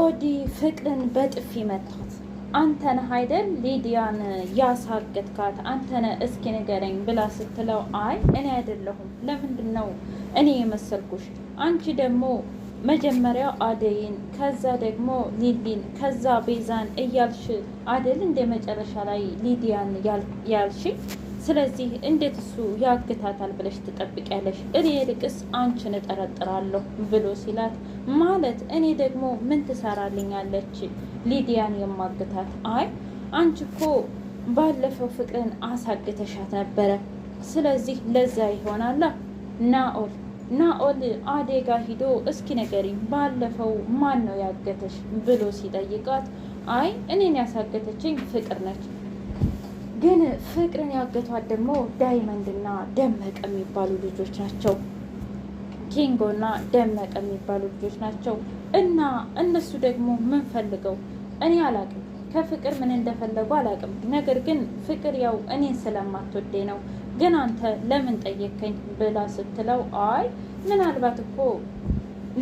ኦዲ ፍቅርን በጥፊ መታት። አንተ ነህ አይደል ሊዲያን ያሳገትካት? አንተ ነህ እስኪ ንገረኝ ብላ ስትለው አይ እኔ አይደለሁም። ለምንድን ነው እኔ የመሰልኩሽ? አንቺ ደግሞ መጀመሪያ አደይን፣ ከዛ ደግሞ ሊሊን፣ ከዛ ቤዛን እያልሽ አደል እንደ መጨረሻ ላይ ሊዲያን ያልሽ ስለዚህ እንዴት እሱ ያግታታል ብለሽ ትጠብቂያለሽ? እኔ ልቅስ አንቺን እጠረጥራለሁ ብሎ ሲላት፣ ማለት እኔ ደግሞ ምን ትሰራልኛለች ሊዲያን የማግታት? አይ አንቺ እኮ ባለፈው ፍቅርን አሳግተሻት ነበረ። ስለዚህ ለዛ ይሆናላ ናኦል ናኦል አዴጋ ሂዶ እስኪ ንገሪኝ ባለፈው ማን ነው ያገተሽ ብሎ ሲጠይቃት፣ አይ እኔን ያሳገተችኝ ፍቅር ነች ግን ፍቅርን ያገቷት ደግሞ ዳይመንድና ደመቀ የሚባሉ ልጆች ናቸው። ኪንጎና ደመቀ የሚባሉ ልጆች ናቸው። እና እነሱ ደግሞ ምን ፈልገው እኔ አላቅም። ከፍቅር ምን እንደፈለጉ አላቅም። ነገር ግን ፍቅር ያው እኔን ስለማትወደኝ ነው። ግን አንተ ለምን ጠየከኝ ብላ ስትለው አይ ምናልባት እኮ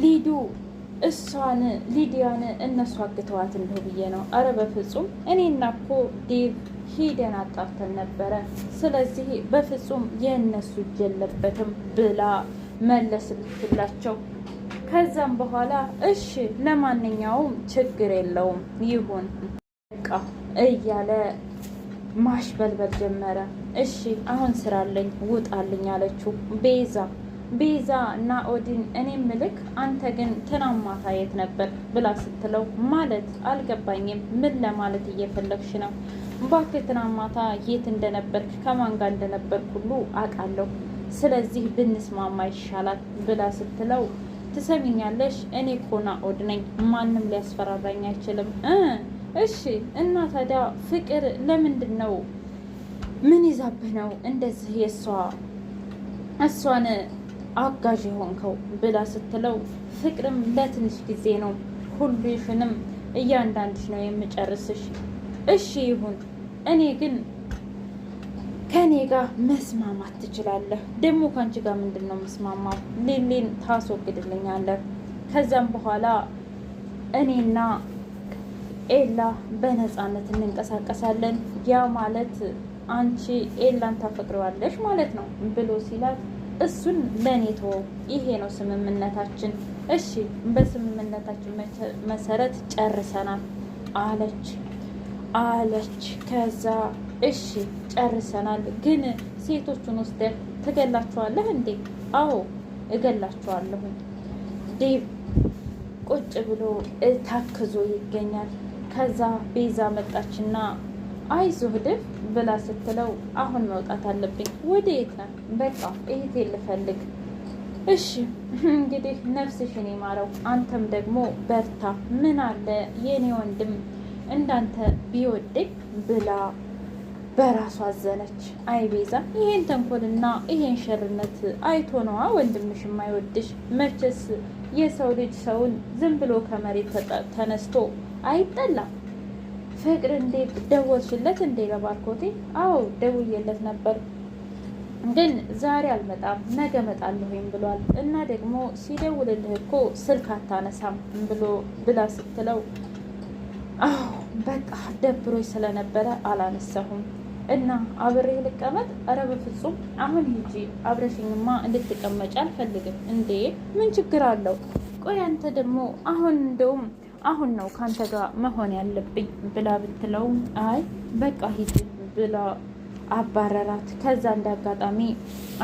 ሊዱ እሷን ሊዲያን እነሱ አግተዋት እንደው ብዬ ነው። አረ በፍጹም እኔና እኮ ዴቭ ሂደን አጣርተን ነበረ። ስለዚህ በፍጹም የእነሱ እጅ የለበትም ብላ መለስላቸው። ከዛም በኋላ እሺ ለማንኛውም ችግር የለውም ይሁን በቃ እያለ ማሽበልበል ጀመረ። እሺ አሁን ስራለኝ ውጣልኝ አለችው ቤዛ ቤዛ እና ኦዲን እኔም ምልክ አንተ ግን ትናንት ማታ የት ነበር ብላ ስትለው፣ ማለት አልገባኝም። ምን ለማለት እየፈለግሽ ነው? እባክህ ትናንት ማታ የት እንደነበርክ ከማን ጋር እንደነበርክ ሁሉ አውቃለሁ። ስለዚህ ብንስማማ ይሻላል ብላ ስትለው፣ ትሰሚኛለሽ፣ እኔ እኮ ናኦድ ነኝ። ማንም ሊያስፈራራኝ አይችልም። እሺ እና ታዲያ ፍቅር ለምንድን ነው ምን ይዛብህ ነው እንደዚህ የእሷ እሷን አጋዥ የሆንከው ብላ ስትለው ፍቅርም ለትንሽ ጊዜ ነው፣ ሁሉሽንም እያንዳንድሽ ነው የምጨርስሽ። እሺ ይሁን፣ እኔ ግን ከእኔ ጋር መስማማት ትችላለህ። ደግሞ ከአንቺ ጋር ምንድን ነው መስማማው? ሌሌን ታስወግድልኛለህ። ከዚያም በኋላ እኔና ኤላ በነፃነት እንንቀሳቀሳለን። ያ ማለት አንቺ ኤላን ታፈቅረዋለሽ ማለት ነው ብሎ ሲላት እሱን ለእኔ ተወው። ይሄ ነው ስምምነታችን። እሺ በስምምነታችን መሰረት ጨርሰናል አለች አለች። ከዛ እሺ ጨርሰናል፣ ግን ሴቶቹን ወስደህ ትገላችኋለህ እንዴ? አዎ እገላችኋለሁ። ዴብ ቁጭ ብሎ ታክዞ ይገኛል። ከዛ ቤዛ መጣችና አይዞህ ድፍ ብላ ስትለው አሁን መውጣት አለብኝ። ወደ የት ነው? በቃ እህቴ ልፈልግ። እሺ እንግዲህ ነፍስሽን ይማረው። አንተም ደግሞ በርታ። ምን አለ የኔ ወንድም እንዳንተ ቢወደኝ ብላ በራሷ አዘነች። አይ ቤዛ፣ ይሄን ተንኮልና ይሄን ሸርነት አይቶ ነዋ ወንድምሽ የማይወድሽ። መቼስ የሰው ልጅ ሰውን ዝም ብሎ ከመሬት ተነስቶ አይጠላም። ፍቅር እንዴ ደወልሽለት እንዴ? ለባርኮቴ አዎ ደውዬለት ነበር፣ ግን ዛሬ አልመጣም ነገ ወይም ብሏል። እና ደግሞ ሲደውልልህ እኮ ስልክ አታነሳም ብሎ ብላ ስትለው አዎ በቃ ደብሮች ስለነበረ አላነሳሁም እና አብሬ ልቀመጥ? ኧረ በፍጹም አሁን ሂጂ። አብረሽኝማ እንድትቀመጭ አልፈልግም። እንዴ ምን ችግር አለው? ቆይ አንተ ደግሞ አሁን እንደውም አሁን ነው ከአንተ ጋር መሆን ያለብኝ ብላ ብትለው አይ በቃ ሂድ ብላ አባረራት። ከዛ እንደ አጋጣሚ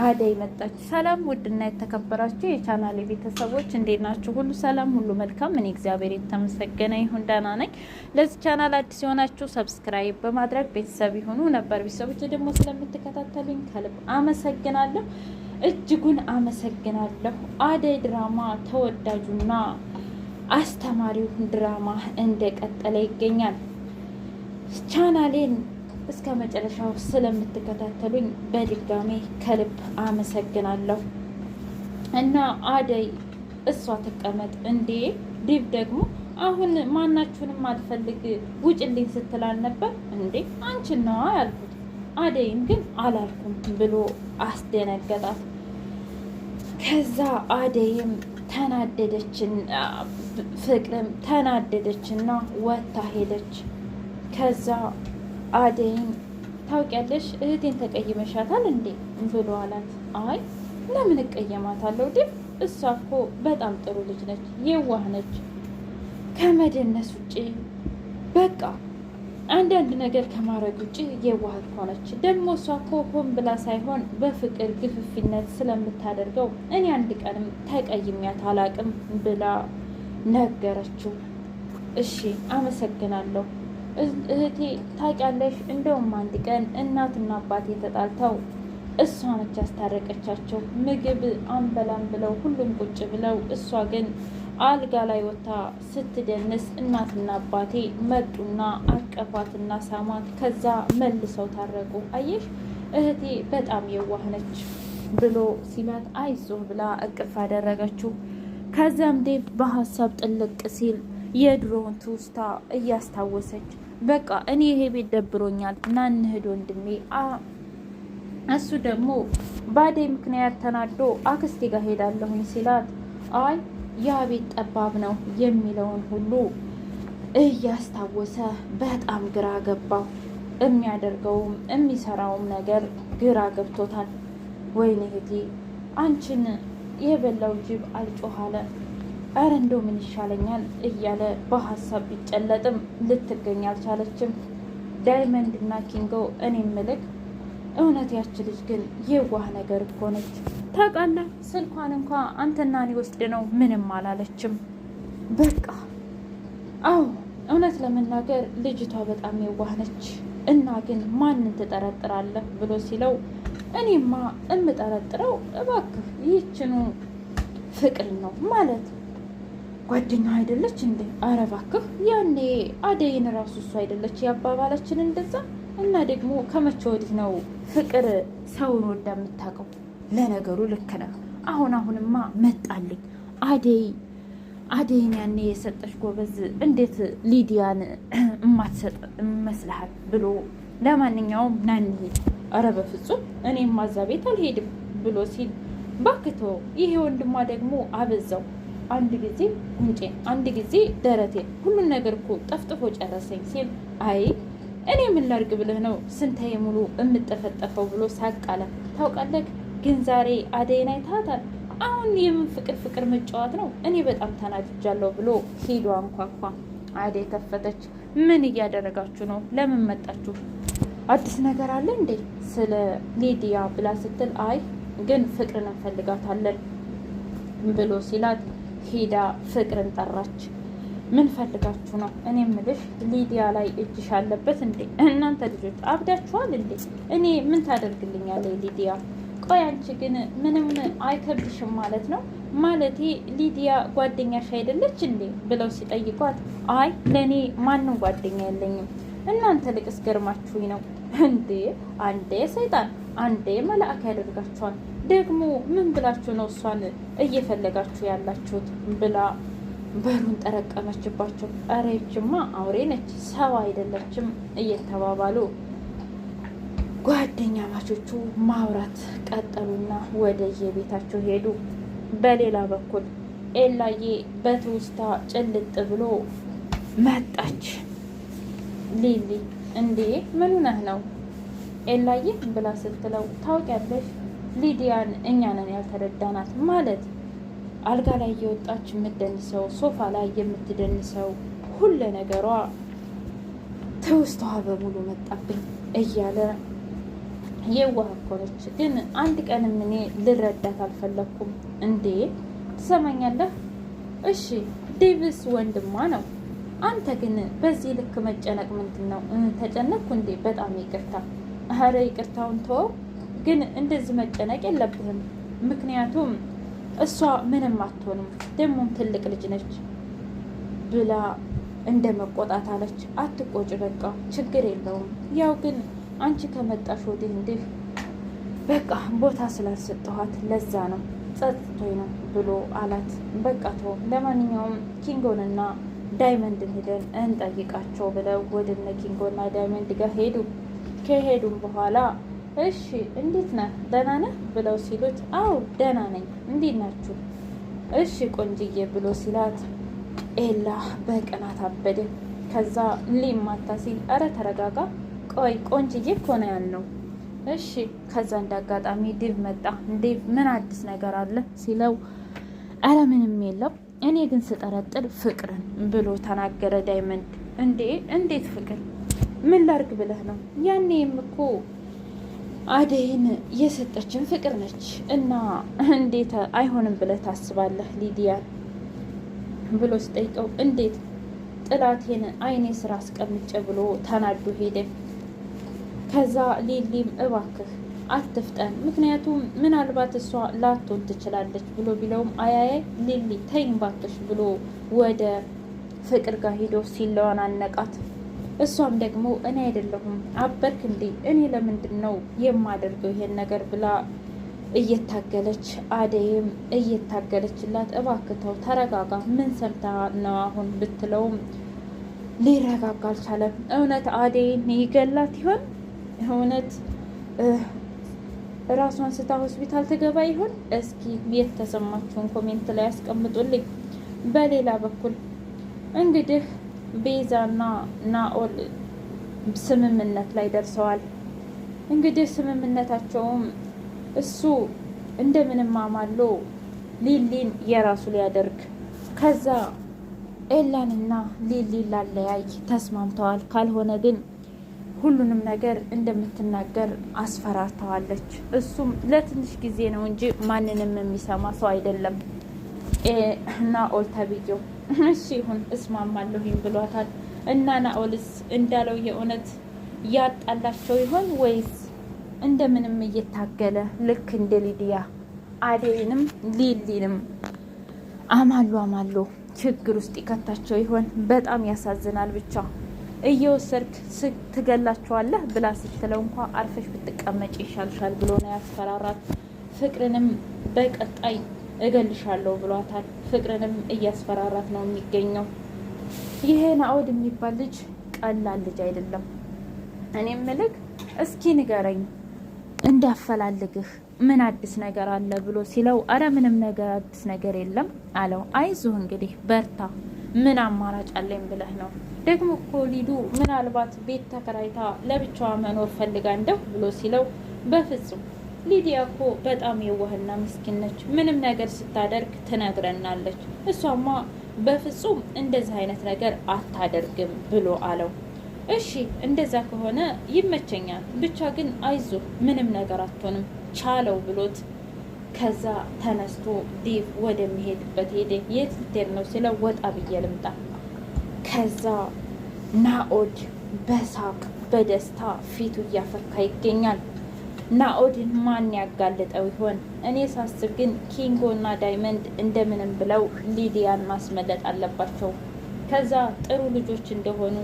አደይ መጣች። ሰላም ውድና የተከበራችሁ የቻናል ቤተሰቦች እንዴት ናችሁ? ሁሉ ሰላም፣ ሁሉ መልካም። እኔ እግዚአብሔር የተመሰገነ ይሁን ደህና ነኝ። ለዚህ ቻናል አዲስ የሆናችሁ ሰብስክራይብ በማድረግ ቤተሰብ የሆኑ ነበር ቤተሰቦች ደግሞ ስለምትከታተሉኝ ከልብ አመሰግናለሁ፣ እጅጉን አመሰግናለሁ። አደይ ድራማ ተወዳጁና አስተማሪው ድራማ እንደቀጠለ ይገኛል። ቻናሌን እስከ መጨረሻው ስለምትከታተሉኝ በድጋሜ ከልብ አመሰግናለሁ። እና አደይ እሷ ትቀመጥ እንዴ? ዲብ ደግሞ አሁን ማናችሁንም አልፈልግ ውጭልኝ ስትላል ነበር እንዴ? አንቺ ነዋ ያልኩት አደይም ግን አላልኩም ብሎ አስደነገጣት። ከዛ አደይም ተናደደችን ፍቅርም ተናደደችና ወታ ሄደች። ከዛ አደይን ታውቂያለሽ እህቴን ተቀይመሻታል እንዴ ብሎ አላት። አይ ለምን እቀየማታለሁ ድም እሷ እኮ በጣም ጥሩ ልጅ ነች፣ የዋህ ነች ከመደነስ ውጪ በቃ አንዳንድ ነገር ከማድረግ ውጭ የዋህት ሆነች። ደግሞ እሷ እኮ ሆን ብላ ሳይሆን በፍቅር ግፍፊነት ስለምታደርገው እኔ አንድ ቀንም ተቀይሚያት አላቅም ብላ ነገረችው። እሺ አመሰግናለሁ እህቴ። ታውቂያለሽ፣ እንደውም አንድ ቀን እናትና አባቴ ተጣልተው እሷ ነች ያስታረቀቻቸው። ምግብ አንበላም ብለው ሁሉም ቁጭ ብለው እሷ ግን አልጋ ላይ ወታ ስትደንስ እናትና አባቴ መጡና አቀፏትና ሳማት ከዛ መልሰው ታረቁ። አየሽ እህቴ በጣም የዋህነች ብሎ ሲላት አይዞህ ብላ እቅፍ አደረገችው። ከዚያም ዴቭ በሀሳብ ጥልቅ ሲል የድሮውን ትውስታ እያስታወሰች በቃ እኔ ይሄ ቤት ደብሮኛል፣ ና እንሂድ ወንድሜ። እሱ ደግሞ ባዴ ምክንያት ተናዶ አክስቴ ጋር ሄዳለሁኝ ሲላት አይ ያ ቤት ጠባብ ነው የሚለውን ሁሉ እያስታወሰ በጣም ግራ ገባው። የሚያደርገውም የሚሰራውም ነገር ግራ ገብቶታል። ወይኔ እህቴ አንቺን የበላው ጅብ አልጮኋለ እረ እንደው ምን ይሻለኛል እያለ በሀሳብ ቢጨለጥም ልትገኝ አልቻለችም። ዳይመንድ እና ኪንጎ እኔ ምልክ እውነት ያች ልጅ ግን የዋህ ነገር እኮ ነች። ታውቃለህ፣ ስልኳን እንኳ አንተና እኔ ወስድ ነው ምንም አላለችም። በቃ አዎ፣ እውነት ለመናገር ልጅቷ በጣም የዋህነች እና ግን ማንን ትጠረጥራለህ ብሎ ሲለው እኔማ እምጠረጥረው እባክህ ይህችኑ ፍቅር ነው ማለት ጓደኛ አይደለች እንዴ? ኧረ እባክህ ያኔ አደይን ራሱ እሱ አይደለች ያባባላችን እንደዛ። እና ደግሞ ከመቼ ወዲህ ነው ፍቅር ሰውን ወዳ የምታውቀው? ለነገሩ ልክ ነህ። አሁን አሁንማ መጣልኝ አደይ አደይን ያኔ የሰጠች ጎበዝ እንዴት ሊዲያን እማትሰጥ መስልሃል ብሎ ለማንኛውም ና ረበ ኧረ በፍጹም እኔ ማዛ ቤት አልሄድም ብሎ ሲል ባክቶ ይሄ ወንድሟ ደግሞ አበዛው። አንድ ጊዜ ጉንጬን፣ አንድ ጊዜ ደረቴን፣ ሁሉን ነገር እኮ ጠፍጥፎ ጨረሰኝ ሲል አይ እኔ ምን ላድርግ ብለህ ነው ስንታዬ ሙሉ የምጠፈጠፈው ብሎ ሳቅ አለ። ታውቃለህ ግን ዛሬ አደይን አይታታል። አሁን የምን ፍቅር ፍቅር መጫወት ነው? እኔ በጣም ተናድጃለሁ ብሎ ሂዶ አንኳኳ። አደይ ከፈተች። ምን እያደረጋችሁ ነው? ለምን መጣችሁ? አዲስ ነገር አለ እንዴ? ስለ ሊዲያ ብላ ስትል አይ ግን ፍቅርን እንፈልጋታለን ብሎ ሲላት ሂዳ ፍቅርን ጠራች። ምን ፈልጋችሁ ነው? እኔ ምልሽ ሊዲያ ላይ እጅሽ አለበት እንዴ? እናንተ ልጆች አብዳችኋል እንዴ? እኔ ምን ታደርግልኛለ ሊዲያ ቆይ አንቺ ግን ምንም አይከብድሽም ማለት ነው? ማለቴ ሊዲያ ጓደኛሽ አይደለች እንዴ ብለው ሲጠይቋት፣ አይ ለእኔ ማንም ጓደኛ የለኝም እናንተ ልቅስ ገርማችሁኝ ነው እንዴ? አንዴ ሰይጣን አንዴ መልአክ ያደርጋችኋል። ደግሞ ምን ብላችሁ ነው እሷን እየፈለጋችሁ ያላችሁት? ብላ በሩን ጠረቀመችባቸው። ኧረ አውሬ ነች ሰው አይደለችም እየተባባሉ ጓደኛ ማቾቹ ማውራት ቀጠሉና ወደ የቤታቸው ሄዱ። በሌላ በኩል ኤላዬ በትውስታ ጭልጥ ብሎ መጣች። ሊሊ እንዴ ምን ነህ ነው ኤላዬ ብላ ስትለው ታውቂያለሽ ሊዲያን እኛ ነን ያልተረዳናት ማለት አልጋ ላይ እየወጣች የምትደንሰው ሶፋ ላይ የምትደንሰው ሁለ ነገሯ ትውስታዋ በሙሉ መጣብኝ እያለ የዋህ እኮ ነች፣ ግን አንድ ቀንም እኔ ልረዳት አልፈለግኩም። እንዴ ትሰማኛለህ? እሺ ዴቪስ ወንድሟ ነው። አንተ ግን በዚህ ልክ መጨነቅ ምንድን ነው? ተጨነቅኩ እንዴ? በጣም ይቅርታ። ኧረ ይቅርታውን ተወው፣ ግን እንደዚህ መጨነቅ የለብህም። ምክንያቱም እሷ ምንም አትሆንም፣ ደግሞም ትልቅ ልጅ ነች ብላ እንደ መቆጣት አለች። አትቆጭ፣ በቃ ችግር የለውም። ያው ግን አንቺ ከመጣሽ ወዲህ እንዲህ በቃ ቦታ ስላልሰጠኋት ለዛ ነው ጸጥቶኝ ነው ብሎ አላት። በቃ ተው፣ ለማንኛውም ኪንጎንና ዳይመንድን ሄደን እንጠይቃቸው ብለው ወደነ ኪንጎና ዳይመንድ ጋር ሄዱ። ከሄዱም በኋላ እሺ እንዴት ነህ ደህና ነህ ብለው ሲሉት፣ አው ደህና ነኝ፣ እንዴት ናችሁ? እሺ ቆንጅዬ ብሎ ሲላት፣ ኤላ በቅናት አበደ። ከዛ ሊማታ ሲል፣ አረ ተረጋጋ ቆይ ቆንጅዬ እኮ ነው ያልነው። እሺ። ከዛ እንዳጋጣሚ ዲቭ መጣ። ዲቭ ምን አዲስ ነገር አለ ሲለው፣ አረ ምንም የለው? እኔ ግን ስጠረጥር ፍቅርን ብሎ ተናገረ። ዳይመንድ እንዴ እንዴት ፍቅር? ምን ላርግ ብለህ ነው? ያኔም እኮ አደይን የሰጠችን ፍቅር ነች እና እንዴት አይሆንም ብለህ ታስባለህ ሊዲያን ብሎ ስጠይቀው እንዴት ጥላቴን አይኔ ስራ አስቀምጬ ብሎ ተናዶ ሄደ። ከዛ ሊሊም እባክህ አትፍጠን፣ ምክንያቱም ምናልባት እሷ ላትሆን ትችላለች ብሎ ቢለውም አያያይ ሊሊ ተይኝ እባክሽ ብሎ ወደ ፍቅር ጋር ሂዶ ሲለዋን አነቃት። እሷም ደግሞ እኔ አይደለሁም አበርክ እንዴ እኔ ለምንድን ነው የማደርገው ይሄን ነገር ብላ እየታገለች አደይም እየታገለችላት እባክተው ተረጋጋ፣ ምን ሰርታ ነው አሁን ብትለውም ሊረጋጋ አልቻለም። እውነት አደይን ይገላት ይሆን? እውነት ራሷን ስታ ሆስፒታል ትገባ ይሆን? እስኪ የተሰማችሁን ኮሜንት ላይ ያስቀምጡልኝ። በሌላ በኩል እንግዲህ ቤዛና ናኦል ስምምነት ላይ ደርሰዋል። እንግዲህ ስምምነታቸውም እሱ እንደምንም አማሎ ሊሊን የራሱ ሊያደርግ ከዛ ኤላንና ሊሊን ላለያይ ተስማምተዋል። ካልሆነ ግን ሁሉንም ነገር እንደምትናገር አስፈራርተዋለች። እሱም ለትንሽ ጊዜ ነው እንጂ ማንንም የሚሰማ ሰው አይደለም እና ኦል ተብዬው እሺ ይሁን እስማማለሁኝ ብሏታል። እና ናኦልስ እንዳለው የእውነት ያጣላቸው ይሆን ወይስ እንደምንም እየታገለ ልክ እንደ ሊዲያ አዴንም ሊሊንም አማሉ አማሉ ችግር ውስጥ ይከታቸው ይሆን? በጣም ያሳዝናል ብቻ እየወሰድክ ትገላቸዋለህ ብላ ስትለው እንኳ አርፈሽ ብትቀመጭ ይሻልሻል ብሎ ነው ያስፈራራት። ፍቅርንም በቀጣይ እገልሻለሁ ብሏታል። ፍቅርንም እያስፈራራት ነው የሚገኘው። ይሄ ናኦድ የሚባል ልጅ ቀላል ልጅ አይደለም። እኔ ምልክ እስኪ ንገረኝ እንዳፈላልግህ ምን አዲስ ነገር አለ ብሎ ሲለው አረ ምንም ነገር አዲስ ነገር የለም አለው። አይዞህ እንግዲህ በርታ ምን አማራጭ አለኝ ብለህ ነው? ደግሞ እኮ ሊዱ ምናልባት ቤት ተከራይታ ለብቻዋ መኖር ፈልጋ እንደው ብሎ ሲለው በፍጹም ሊዲያ እኮ በጣም የዋህና ምስኪን ነች። ምንም ነገር ስታደርግ ትነግረናለች። እሷማ በፍጹም እንደዚህ አይነት ነገር አታደርግም ብሎ አለው። እሺ እንደዛ ከሆነ ይመቸኛል፣ ብቻ ግን አይዞ ምንም ነገር አትሆንም ቻለው ብሎት ከዛ ተነስቶ ዴቭ ወደሚሄድበት ሄደ። የት ልትሄድ ነው ሲለው ወጣ ብዬ ልምጣ። ከዛ ናኦድ በሳቅ በደስታ ፊቱ እያፈካ ይገኛል። ናኦድን ማን ያጋለጠው ይሆን? እኔ ሳስብ ግን ኪንጎና ዳይመንድ እንደምንም ብለው ሊዲያን ማስመለጥ አለባቸው። ከዛ ጥሩ ልጆች እንደሆኑ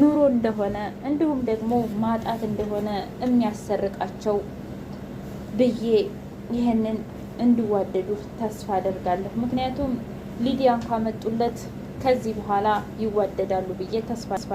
ኑሮ እንደሆነ እንዲሁም ደግሞ ማጣት እንደሆነ የሚያሰርቃቸው ብዬ ይህንን እንዲዋደዱ ተስፋ አደርጋለሁ። ምክንያቱም ሊዲያን ካመጡለት ከዚህ በኋላ ይዋደዳሉ ብዬ ተስፋ